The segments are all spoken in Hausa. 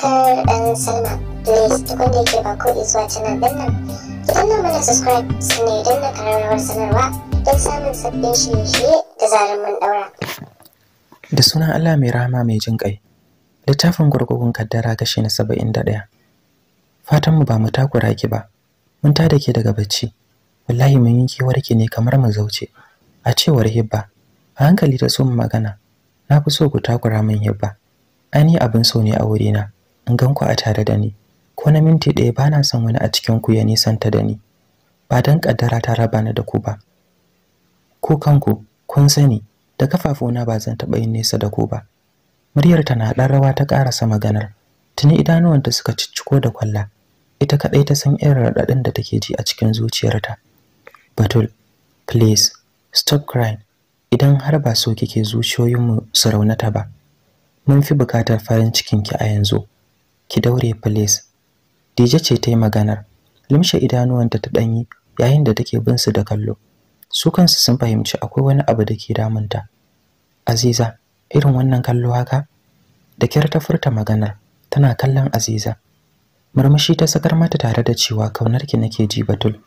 subscribe and sign up. da yake zuwa subscribe sanarwa don samun sabbin da sunan Allah mai rahama mai jin ƙai. Littafin gurgugun kaddara gashi na saba'in da ɗaya. Fatanmu ba mu takura ki ba. Mun tada ke daga bacci. Wallahi mun yi kewar ki ne kamar mu zauce. A cewar Hibba, a hankali ta so magana. Na fi so ku takura min Hibba. Ani abin so ne a wurina. in gan ku a tare da ni ko na minti ɗaya ba na son wani a cikin ku ya nisanta da ni ba don kaddara ta raba ni da ku ba ku kanku kun sani da kafafuna ba zan taɓa yin nesa da ku ba muryar ta na ɗan rawa ta ƙarasa maganar tuni idanuwanta suka cicciko da kwalla ita kaɗai ta san irin raɗaɗin da take ji a cikin zuciyarta batul please stop crying idan har ba so kike zuciyoyinmu su raunata ba mun fi bukatar farin cikinki a yanzu ki daure please dije ce ta yi maganar limshe idanuwanta ta danyi yayin da take bin su da kallo su kansu sun fahimci akwai wani abu da ke damunta aziza irin wannan kallo haka da kyar ta furta maganar tana kallon aziza murmushi ta sakar mata tare da cewa kaunarki nake ji batul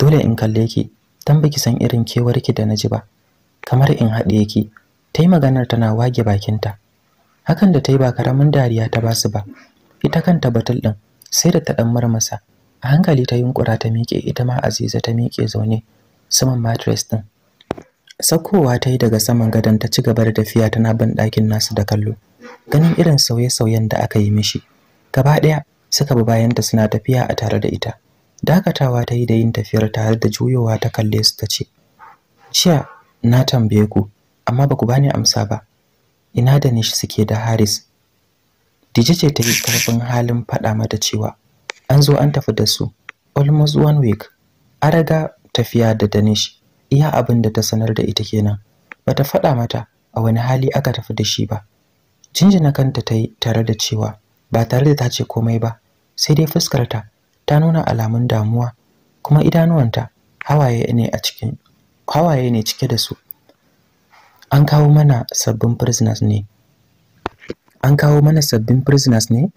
dole in kalle ki dan baki san irin kewarki da naji ba kamar in haɗe ki ta yi maganar tana wage bakinta hakan da ta yi ba karamin dariya ta basu ba ita kanta batul din sai da ta dan marmasa a hankali ta yunkura ta miƙe ita ma Aziza ta miƙe zaune saman mattress din saukowa ta yi daga saman gadon ta ci gaba da tafiya tana ban ɗakin nasu da kallo ganin irin sauye-sauyen da aka yi mishi gaba ɗaya suka bi bayan bayanta suna tafiya a tare da ita dakatawa ta yi da yin tafiyar tare da juyowa ta kalle su ta ce jiya na tambaye ku amma ba ku bani amsa ba ina da nishi suke da haris Dije ce ta yi karfin halin faɗa mata cewa an zo an tafi da su almost one week. An raga tafiya da Danish iya abin da ta sanar da ita kenan. Bata faɗa mata a wani hali aka tafi da shi ba. Jinjina kanta ta yi tare da cewa ba tare da ta ce komai ba sai dai fuskarta ta nuna alamun damuwa kuma idanuwanta hawaye ne a cikin hawaye ne cike da su. An kawo mana sabbin prisoners ne an kawo mana sabbin prisoners ne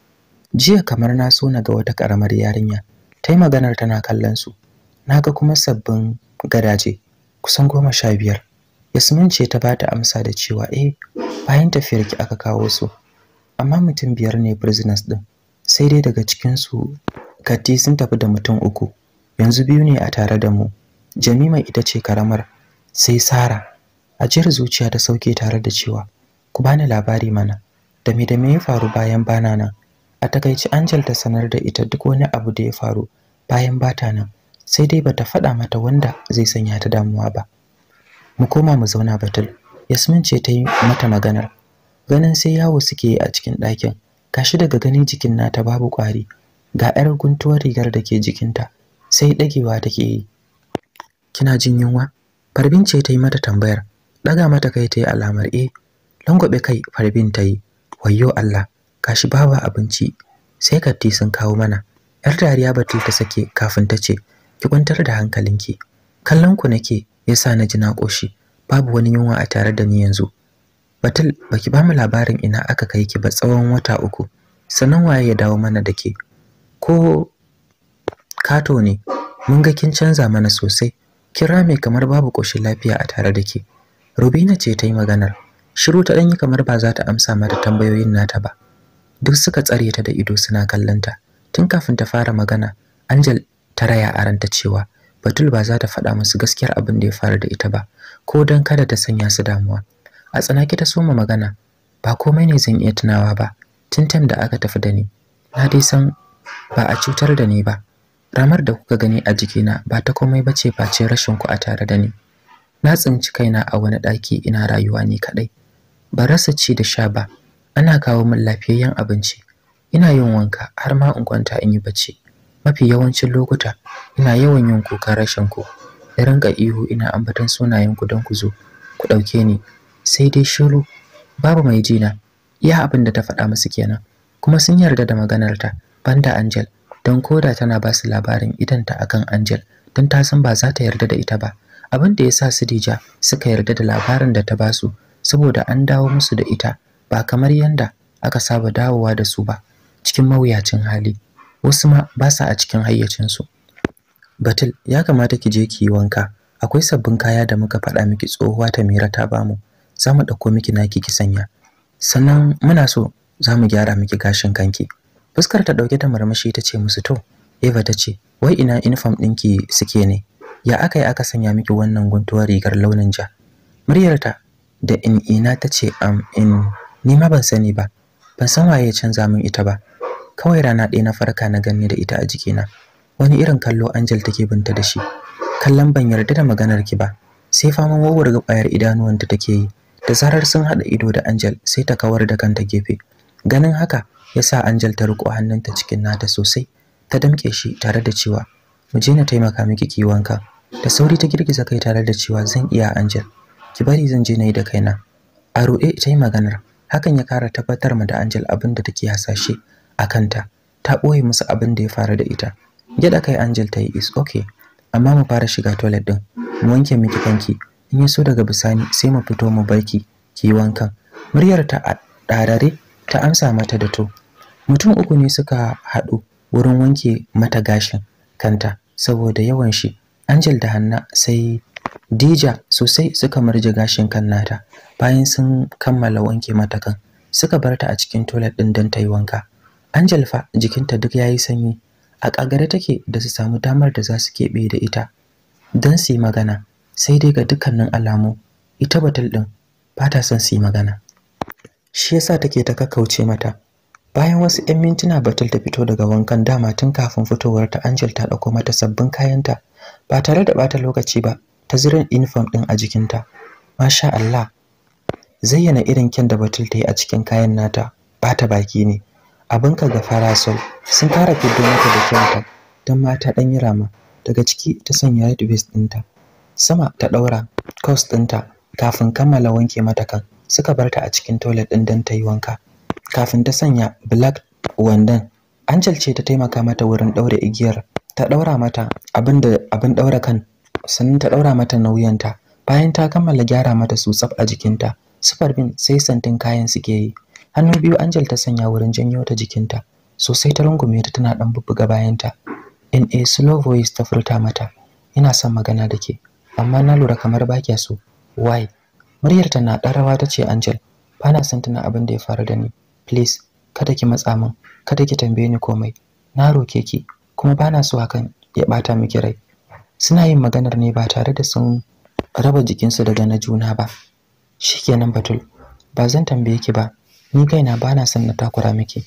jiya kamar na so na ga wata karamar yarinya ta yi maganar tana kallon su na ga kuma sabbin gadaje kusan goma sha biyar yasmin ce ta bata amsa da cewa eh bayan tafiyar ki aka kawo su amma mutum biyar ne prisoners din sai dai daga cikin su katti sun tafi da mutum uku yanzu biyu ne a tare da mu jamima ita ce karamar sai sara ajiyar zuciya ta sauke tare da cewa ku bani labari mana da me da me ya faru bayan bana nan a takaici Angel ta sanar da ita duk wani abu da ya faru bayan bata nan sai dai bata faɗa mata wanda zai sanya ta damuwa ba mu koma mu zauna batul Yasmin ce ta yi mata maganar ganin sai yawo suke yi a cikin ɗakin gashi daga ganin jikin nata babu ƙwari ga 'yar guntuwar rigar da ke jikinta sai ɗagewa take yi kina jin yunwa farbin ce ta yi mata tambayar ɗaga mata kai ta yi alamar e eh. langwaɓe kai farbin ta yi wayyo Allah kashi babu abinci sai katti sun kawo mana yar dariya batul ta sake kafin ta ce ki kwantar da hankalinki kallon ku nake yasa na ji na koshi babu wani yunwa a tare da ni yanzu batul baki ba mu labarin ina aka kai ki ba tsawon wata uku sanan waye ya dawo mana da ke ko kato ne mun ga kin canza mana sosai kira mai kamar babu koshin lafiya a tare da ke rubina ce ta yi maganar Shiru ta ɗanyi kamar ba za ta amsa mata tambayoyin nata ba. Duk suka tsare ta da ido suna kallonta. Tun kafin ta fara magana, Angel ta raya a ranta cewa Batul ba za ta faɗa musu gaskiyar abin da ya faru da ita ba, ko don kada ta sanya su damuwa. A tsanaki ta soma magana, ba komai ne zan iya tunawa ba, tun da aka tafi da ni. Na dai san ba a cutar da ni ba. Ramar da kuka gani a jikina ba ta komai ba ce face rashin ku a tare da ni. Na tsinci kaina a wani ɗaki ina rayuwa ni kaɗai. ba rasa ci da sha ba ana kawo min lafiyayyen abinci ina yin wanka har ma in kwanta in yi bacci mafi yawancin lokuta ina yawan yin kuka rashin ku da rinka ihu ina ambaton sunayen ku don ku zo ku ɗauke ni sai dai shiru babu mai jina iya abin da ta faɗa musu kenan kuma sun yarda da maganarta banda Angel don koda tana ba su labarin idanta akan Angel don ta san ba za ta yarda da ita ba abin da ya sa su Dija suka yarda da labarin da ta ba su saboda an dawo musu da ita ba kamar yanda aka saba dawowa da su ba cikin mawuyacin hali wasu ma ba sa a cikin hayyacinsu batul ya kamata ki je ki yi wanka akwai sabbin kaya da muka faɗa miki tsohuwa ta mira ta bamu za mu ɗauko miki naki ki sanya sannan muna so za mu gyara miki gashin kanki fuskar ta ɗauke ta murmushi ta ce musu to eva ta ce wai ina uniform ɗinki suke ne ya aka yi aka sanya miki wannan guntuwar rigar launin ja muryarta da in ina ta ce am in ni ma ban sani ba ban san waye ya canza min ita ba kawai rana ɗaya na farka na ganni da ita a jikina wani irin kallo Angel take binta da shi kallon ban yarda da maganar ki ba sai faman wawar gabayar idanuwanta take yi da zarar sun haɗa ido da Angel sai ta kawar da kanta gefe ganin haka yasa Angel ta riko hannunta cikin nata sosai ta damƙe shi tare da cewa mu je na taimaka miki kiwonka da sauri ta girgiza kai tare da cewa zan iya Angel ki bari zan je nayi da kaina a ruɗe ita yi maganar hakan ya kara tabbatar ma da Angel abin da take hasashe a kanta ta ɓoye musu abin da ya fara da ita gyaɗa kai Angel ta yi is okay amma mu fara shiga toilet ɗin, mu wanke miki kanki in ya so daga bisani sai mu fito mu barki ki yi wankan muryar ta a ɗarare ta amsa mata da to mutum uku ne suka haɗu wurin wanke mata gashin kanta saboda yawan shi Angel da Hanna sai Dija sosai suka marje gashin kan nata bayan sun kammala wanke mata kan suka bar ta a cikin toilet din don ta yi wanka. Angel fa jikinta duk yayi sanyi a kagare take da su samu damar da za su keɓe da ita don su yi magana sai dai ga dukkanin alamu ita batul ɗin ba ta son su yi magana. Shi yasa take ta kakkauce mata Bayan wasu 'yan mintuna Batul ta fito daga wankan dama tun kafin fitowar ta Angel ta ɗauko mata sabbin kayanta ba tare da bata lokaci ba ta zirin uniform ɗin a jikinta. Masha Allah, zayyana irin kyan da Batul ta yi a cikin kayan nata bata baki ne. ka ga farasol sun kara fiddo mata da kyanta don mata ɗan yi rama daga ciki ta sanya red vest ɗinta. Sama ta ɗaura kos ɗinta kafin kammala wanke mata kan suka bar ta a cikin toilet ɗin dan ta yi wanka. Kafin ta sanya black wandan Angel ce ta taimaka mata wurin ɗaure igiyar ta ɗaura mata abin da abin ɗaura kan sannan ta ɗaura mata nauyanta, bayan ta kammala gyara mata su tsaf a jikinta sufar bin sai santin kayan suke yi hannu biyu angel ta sanya wurin janyo ta jikinta sosai ta rungume ta tana ɗan bubbuga bayanta in a slow voice ta furta mata ina son magana da ke amma na lura kamar ba kya so why muryar ta na ɗan rawa ta ce angel ba na son tana abin da ya faru da ni please kada ki matsa min kada ki tambaye ni komai na roke ki kuma ba na so hakan ya ɓata miki rai suna yin maganar ne ba tare da sun raba jikinsu daga na juna ba shikenan batul ba zan tambaye ki ba ni kaina ba na son na takura miki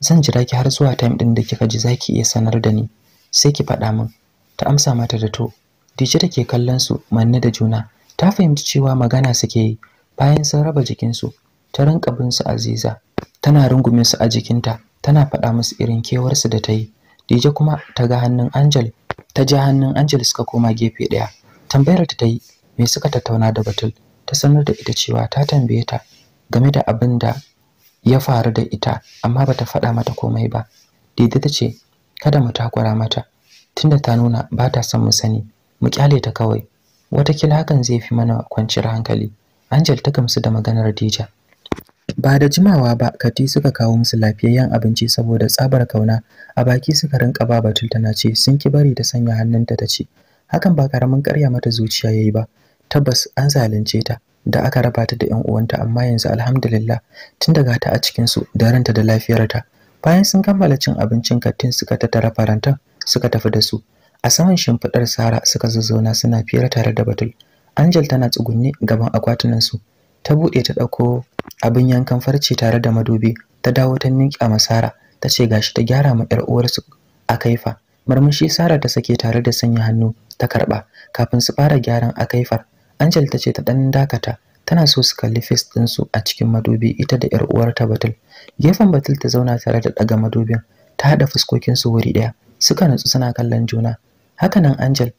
zan jira ki har zuwa time din da kika ji zaki iya sanar da ni sai ki faɗa min ta amsa mata da to Dije da ke kallon su manne da juna ta fahimci cewa magana suke yi bayan sun raba jikinsu ta rinka bin su Aziza tana rungume su a jikinta tana faɗa musu irin kewarsu da ta yi Dije kuma ta ga hannun Angel ta ji hannun Angel suka koma gefe ɗaya tambayar ta yi me suka tattauna da Batul ta sanar da ita cewa ta tambaye ta game da abin da ya faru da ita amma ba ta faɗa mata komai ba Daidai ta ce kada mu takura mata tunda ta nuna ba ta son mu sani mu kyale ta kawai watakila hakan zai fi mana kwanciyar hankali Angel ta gamsu da maganar Dija ba da jimawa ba kati suka kawo musu lafiyayyen abinci saboda tsabar kauna a baki suka rinka ba batul tana ce sun ki bari ta sanya hannunta ta ce hakan ba karamin karya mata zuciya yayi ba tabbas an zalunce ta da aka raba ta da 'yan uwanta amma yanzu alhamdulillah tun daga ta a cikin su da ranta da lafiyarta bayan sun kammala cin abincin kattin suka ta tara faranta suka tafi da su a saman shimfidar Sara suka zazzauna suna fira tare da Batul Angel tana tsugunne gaban akwatunan su ta buɗe ta ɗauko. abin yankan farce tare da madobi ta dawo ta a masara ta ce gashi ta gyara ma 'yar uwarsu a kaifa marmashi sara ta sake tare da sanya hannu ta karba, kafin su fara gyaran a kaifar angel ta ce ta ɗan dakata tana so su kalli face su a cikin madobi ita da 'yar uwarta batul gefen batul ta zauna tare da ɗaga madobin ta haɗa fuskokinsu wuri ɗaya suka nutsu suna kallon juna hakanan angel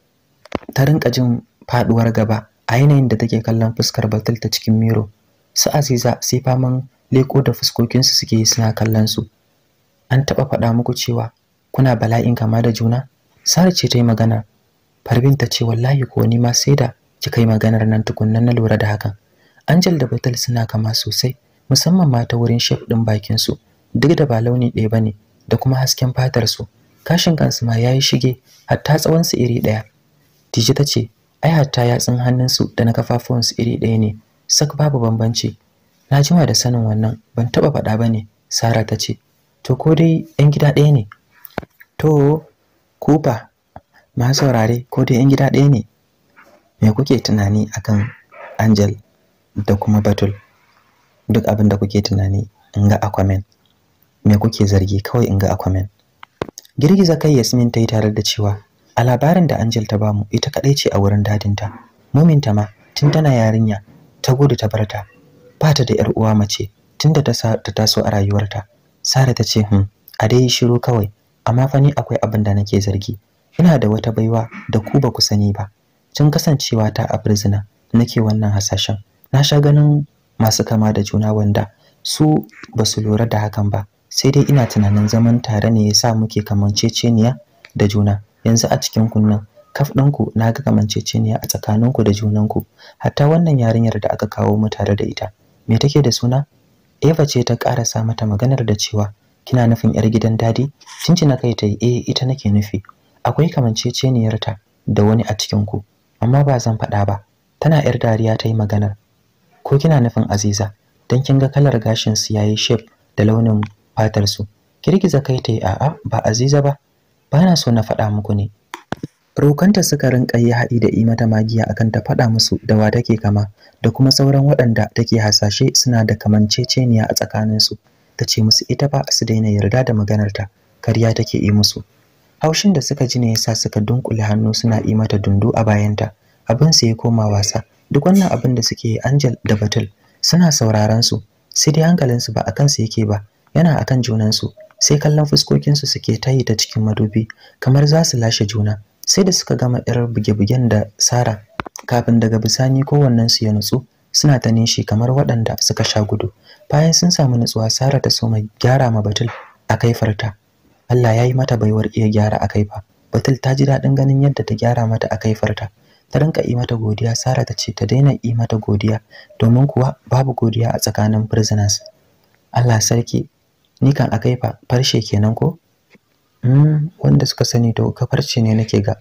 ta rinka jin faɗuwar gaba a yanayin da take kallon fuskar batul ta cikin miro su aziza sai faman leko da fuskokinsu suke yi suna kallon su an taɓa faɗa muku cewa kuna bala'in kama da juna sara ce ta yi maganar farbin ta ce wallahi ko ni ma sai da ki kai maganar nan tukunnan na lura da hakan angel da batal suna kama sosai musamman ma ta wurin shef ɗin bakin su duk da ba launi ɗaya bane da kuma hasken fatar su kashin kansu ma yayi shige hatta tsawon su iri ɗaya tiji ta ce ai hatta yatsun su da na kafafuwansu iri ɗaya ne sak babu bambanci na jima da sanin wannan ban taba faɗa bane sara tace ce to ko dai yan gida ɗaya ne to kufa ma saurare ko dai yan gida ɗaya ne me kuke tunani akan angel da kuma batul duk abin da kuke tunani in ga aquaman me kuke zargi kawai in ga aquaman girgiza kai yasmin ta yi tare da cewa a labarin da angel ta bamu ita kadai ce a wurin dadinta muminta ma tun tana yarinya ta gode ta barta ba ta da yar uwa mace tunda ta sa ta taso a rayuwarta Sara ta ce hmm a dai shiru kawai amma fa ni akwai abin da nake zargi ina da wata baiwa da ku ba ku sani ba tun kasancewa ta a prisoner nake wannan hasashen na sha ganin masu kama da juna wanda su ba su lura da hakan ba sai dai ina tunanin zaman tare ne yasa muke kamanceceniya da juna yanzu a cikin kunnan kaf ɗinku na ga kamanceceniya a tsakaninku da junanku hatta wannan yarinyar da aka kawo mu tare da ita me take da suna Eva ce ta sa mata maganar da cewa kina nufin yar gidan dadi cincina kai ta eh ita nake nufi akwai kamanceceniyar ta da wani a cikin ku amma ba zan faɗa ba tana yar dariya ta yi maganar ko kina nufin Aziza dan kin ga kalar gashin su yayi shape da launin fatar su kirgiza kai ta yi a'a ba Aziza ba bana so na faɗa muku ne rokanta suka rinka yi haɗi da imata magiya akan ta faɗa musu da wa take kama da kuma sauran waɗanda take hasashe suna da kamanceceniya a tsakaninsu ta ce musu ita ba su daina yarda da maganarta karya take yi musu haushin da suka ji ne yasa suka dunkule hannu suna yi mata dundu a bayanta abin su ya koma wasa duk wannan abin da suke yi Angel da Batul suna sauraron su sai dai hankalin ba akan su yake ba yana akan junansu. sai kallon fuskokinsu su suke tayi ta cikin madubi kamar za su lashe juna sai da suka gama irar buge-bugen da sara kafin daga bisani su ya nutsu suna ta nishi kamar waɗanda suka sha gudu bayan sun samu nutsuwa sara ta so mai gyara ma batul a kaifarta allah ya yi mata baiwar iya gyara a fa batul ta ji daɗin ganin yadda ta gyara mata a kaifarta ta rinka yi mata godiya sara ta ce ta daina yi mata godiya domin kuwa babu godiya a tsakanin prisoners allah sarki ni kan a fa farshe kenan ko Hmm, wanda suka sani to kafarci ne nake ga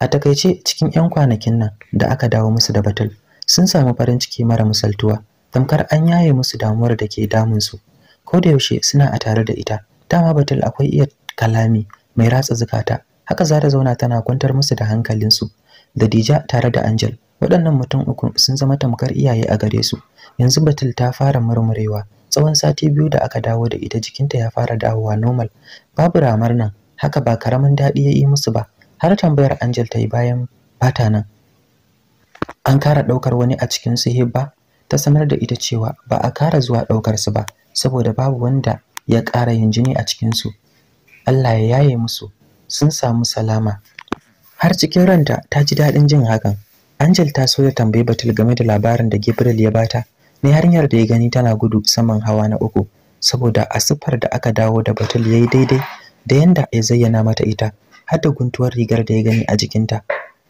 a takaice cikin 'yan kwanakin nan da aka dawo musu da batul sun samu farin ciki mara misaltuwa tamkar an yaye musu damuwar da ke damun su ko da yaushe suna a tare da ita dama batul akwai iya kalami mai ratsa zukata haka za ta zauna tana kwantar musu da hankalinsu da dija tare da angel waɗannan mutum uku sun zama tamkar iyaye a gare su yanzu batul ta fara murmurewa tsawon sati biyu da aka dawo da ita jikinta ya fara dawowa normal babu ramar nan haka ba karamin daɗi ya yi musu ba har tambayar Angel ta yi bayan bata nan an kara ɗaukar wani a cikin su Hibba ta sanar da ita cewa ba a kara zuwa ɗaukar su ba saboda babu wanda ya ƙara yin jini a cikin su Allah ya yaye musu sun samu salama har cikin ranta ta ji daɗin jin hakan Angel ta so ya tambayi Batul game da labarin da Gabriel ya bata na hanyar da ya gani tana gudu saman hawa na uku saboda a siffar da aka dawo da batul yayi daidai da yanda ya zayyana mata ita har da guntuwar rigar da ya gani a jikinta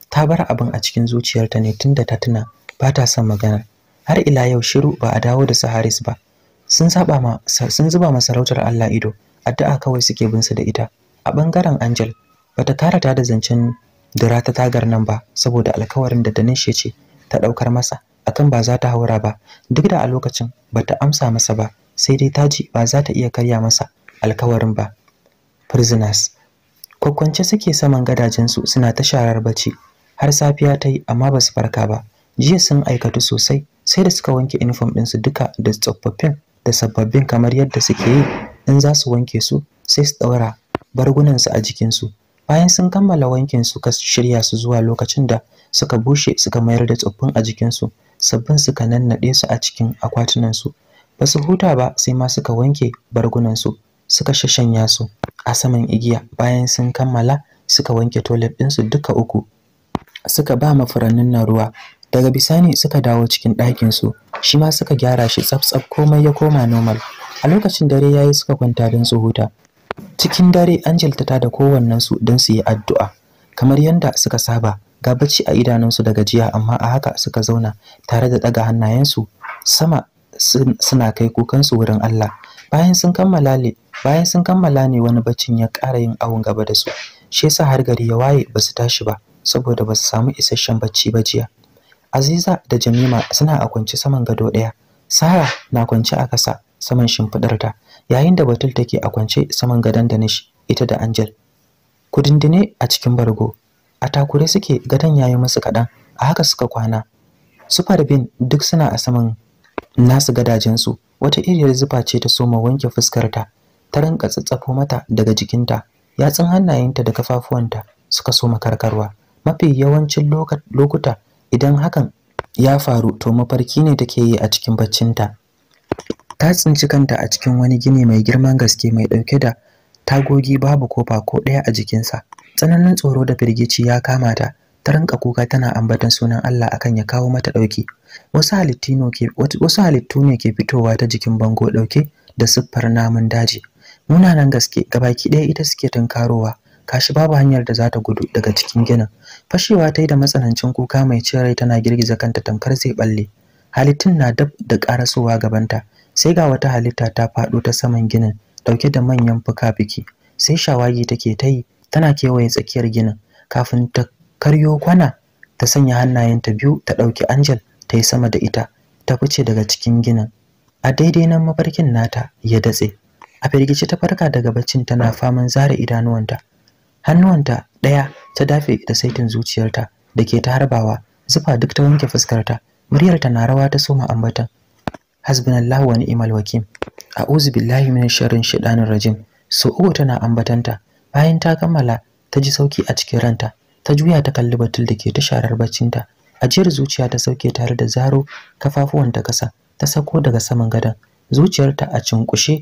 ta bar abin a cikin zuciyarta ne tunda ta tuna ba ta son magana har ila yau shiru ba a dawo da su Haris ba sun saba ma sun zuba masarautar Allah ido addu'a kawai suke bin su da ita a bangaren Angel bata tara ta da zancen dira ta tagar nan ba saboda alkawarin da Danish ya ce ta daukar masa akan ba za ta haura ba duk da a lokacin bata amsa masa ba sai dai taji ba za ta iya karya masa alkawarin ba prisoners kwakwance suke saman gadajensu suna ta sharar bacci har safiya ta yi amma ba su farka ba jiya sun aikatu sosai sai da suka wanke uniform ɗinsu duka da tsofaffin da sababbin kamar yadda suke yi in za su wanke su sai su ɗaura bargunansu a jikinsu bayan sun kammala wankin suka shirya su zuwa lokacin da suka bushe suka mayar da tsoffin a jikinsu sabbin suka nannaɗe su a cikin akwatunansu ba su huta ba sai ma suka wanke bargunansu suka shashanya su a saman igiya bayan sun kammala suka wanke toilet ɗinsu duka uku suka ba ma furannin nan ruwa daga bisani suka dawo cikin ɗakin su shi ma suka gyara shi tsaf-tsaf komai ya koma normal a lokacin dare yayi suka kwanta don su huta cikin dare angel ta tada su don su yi addu'a kamar yadda suka saba ga bacci a idanunsu da gajiya amma a haka suka zauna tare da ɗaga hannayensu sama suna kai kukansu wurin Allah bayan sun kammala ne bayan sun kammala ne wani baccin ya ƙara yin awon gaba da su shi yasa har gari ya waye ba su tashi ba saboda ba su samu isasshen bacci ba jiya Aziza da Jamima suna a kwance saman gado ɗaya Sara na kwance a ƙasa saman ta, yayin da Batul take a kwance saman gadon da nishi ita da Angel Ku kudindine a cikin bargo a takure suke gadon yayi musu kaɗan a haka suka kwana Super duk suna a saman nasu gadajensu wata iriyar zufa ce ta soma wanke fuskarta ta rinka tsatsafo mata daga jikinta yatsun hannayenta da kafafuwanta suka soma karkarwa mafi yawancin lokuta idan hakan ya faru to mafarki ne take yi a cikin baccinta ta tsinci kanta a cikin wani gini mai girman gaske mai ɗauke da tagogi babu kofa ko ɗaya a jikinsa tsananin tsoro da firgici ya kama ta ta rinka kuka tana ambaton sunan Allah akan ya kawo mata dauki wasu halittu ke wasu halittu ne ke fitowa ta jikin bango dauke da siffar namun daji nan gaske gabaki ɗaya ita suke tunkarowa kashi babu hanyar da za ta gudu daga cikin ginin fashewa ta yi da matsanancin kuka mai cirai tana girgiza kanta tamkar zai balle halittun na dab da karasowa gabanta sai ga wata halitta ta faɗo ta saman ginin dauke da manyan fuka-fuki sai shawagi take ta yi tana kewaye tsakiyar ginin kafin ta karyo kwana ta sanya hannayenta biyu ta ɗauki Angel ta yi sama da ita ta fice daga cikin ginin. A daidai nan mafarkin nata ya datse. A firgice ta farka daga baccin tana faman zare idanuwanta. Hannuwanta ɗaya ta dafe da saitin zuciyarta da ke ta harbawa zufa duk ta wanke fuskarta. Muryarta na rawa ta soma ambatan. Hasbunallahu wa ni'mal wakil. A'udhu billahi minash sharrin shaitanir rajim. So uku tana ambatanta. Bayan ta kammala ta ji sauki a cikin ranta. ta juya ta kalli batul da ke ta sharar baccinta ajiyar zuciya ta sauke tare da zaro kafafuwan ta kasa ta sako daga saman gadon ta a cinkushe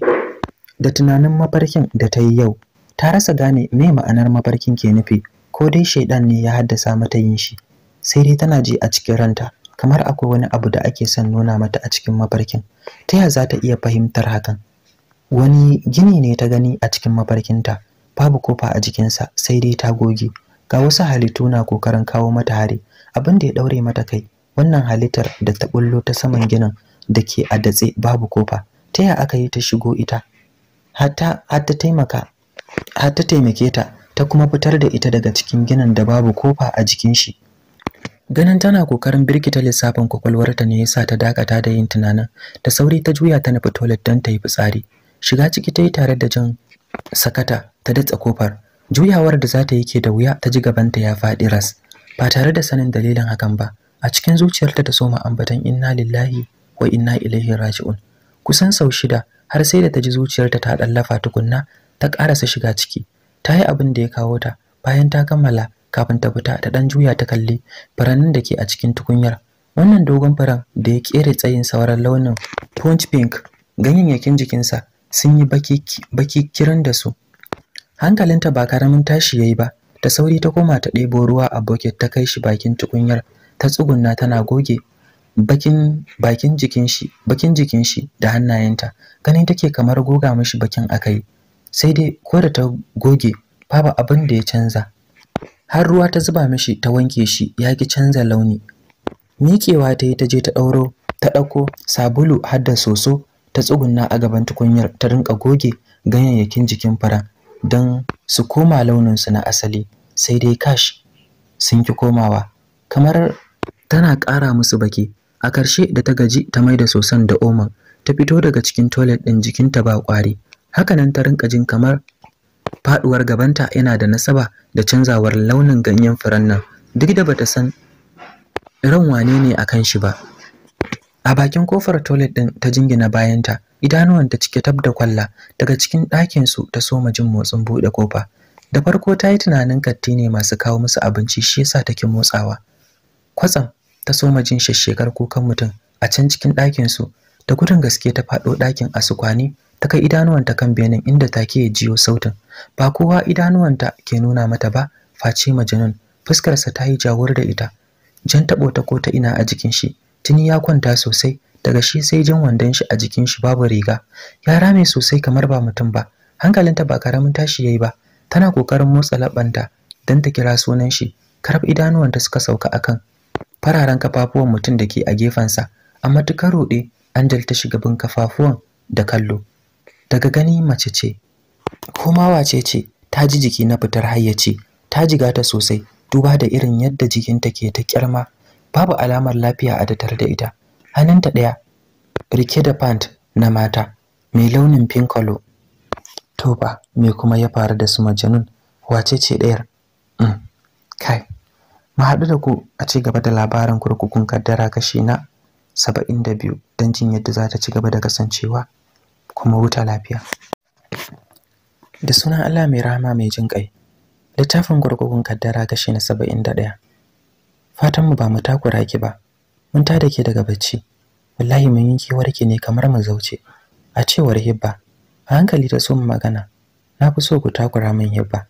da tunanin mafarkin da ta yi yau ta rasa gane me ma'anar mafarkin ke nufi ko dai shaidan ne ya haddasa mata yin shi sai dai tana ji a cikin ranta kamar akwai wani abu da ake son nuna mata a cikin mafarkin ta ya za ta iya fahimtar hakan wani gini ne ta gani a cikin mafarkinta babu kofa a jikinsa sai dai goge. ga wasu halittu na kokarin kawo mata hari abin da ya daure mata kai wannan halittar da ta bullo ta saman ginin da ke a datse babu kofa ta ya aka yi ta shigo ita har ta taimake ta ta kuma fitar da ita daga cikin ginin da babu kofa a jikin shi ganin tana kokarin birkita lissafin kwakwalwarta ne yasa ta dakata da yin tunanin da sauri ta juya ta nufi toilet don ta yi fitsari shiga ciki ta yi tare da jan sakata ta datsa kofar juyawar da za ta yi ke da wuya ta ji gabanta ya faɗi ras ba tare da sanin dalilin hakan ba a cikin zuciyarta ta soma ambatan inna lillahi wa inna ilaihi raji'un kusan sau shida har sai da ta ji zuciyarta ta ɗallafa tukunna ta ƙarasa shiga ciki ta yi abin da ya kawo ta bayan ta kammala kafin ta fita ta ɗan juya ta kalli furannin da ke a cikin tukunyar wannan dogon furen da ya ƙere tsayin sauran launin punch pink ganyayyakin jikinsa sun yi baki kiran da su hankalinta ba karamin tashi yayi ba da sauri ta koma ta ɗebo ruwa a bucket ta kai shi bakin tukunyar ta tsugunna tana goge bakin bakin jikin shi bakin jikin shi da hannayenta ganin take kamar goga mishi bakin akai sai dai ko da ta goge babu abin da ya canza har ruwa ta zuba mishi ta wanke shi ya ki canza launi miƙewa ta yi ta je ta ɗauro ta ɗauko sabulu har da soso ta tsugunna a gaban tukunyar ta rinka goge ganyayyakin jikin fara don su koma launinsu na asali sai dai kash sun ki komawa kamar tana ƙara musu baki a ƙarshe da ta gaji ta maida sosan da oman ta fito daga cikin toilet ɗin jikinta ba ƙwari hakanan ta rinka jin kamar faɗuwar gabanta yana da nasaba da canzawar launin ganyen furen nan duk da bata san ran wane ne akan shi ba a bakin kofar toilet ɗin ta jingina bayanta idanuwanta cike tab da kwalla daga cikin ɗakin su ta soma jin motsin buɗe kofa da farko ta yi tunanin katti ne masu kawo musu abinci shi yasa take motsawa kwatsam ta soma jin shashshekar kukan mutum a can cikin ɗakin su da gudun gaske ta faɗo ɗakin asukwane ta kai idanuwanta kan benin inda take ya jiyo sautin ba kowa idanuwanta ke nuna mata ba face majanun fuskarsa ta yi jawur da ita jan taɓo ta ko ta ina a jikin shi tuni ya kwanta sosai daga shi sai jan wandon shi a jikin shi babu riga ya rame sosai kamar ba mutum ba hankalinta ba karamin tashi yayi ba tana kokarin motsa labanta dan ta kira sunan shi karab ta suka sauka akan fararen kafafuwan mutum da ke a gefensa amma tukar roɗe Angel ta shiga bin kafafuwan da kallo daga gani mace ce kuma wace ce ta ji jiki na fitar hayyace, ta jiga ta sosai duba da irin yadda jikinta ke ta kyarma babu alamar lafiya a tattare da ita hannunta ɗaya rike da pant na mata mai launin pinkalo. to ba me kuma ya faru da su majanun wace ce ɗayar mm. kai mu haɗu da ku a ci gaba da labarin kurkukun kaddara kashi na 72 don jin yadda za ta ci gaba da kasancewa kuma wuta lafiya da sunan Allah mai rahama mai jin kai littafin kurkukun kaddara kashi na da ɗaya. Fatanmu ba mu takura ki ba mun tada ke daga bacci wallahi mun yanke warki ne kamar mu zauce a cewar hibba a hankali ta so magana na fi so ku takura min hibba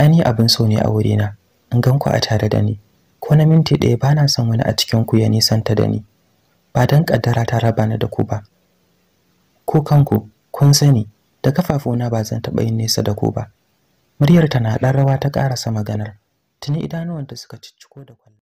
ani abin so ne a wurina in gan ku a tare da ni ko na minti ɗaya ba na son wani a cikin ku ya nisanta da ni ba dan kaddara ta raba ni da ku ba ku kanku kun sani da kafafuna ba zan taɓa yin nesa da ku ba muryar ta na ɗan rawa ta ƙarasa maganar tuni idanuwanta suka cicciko da kwallo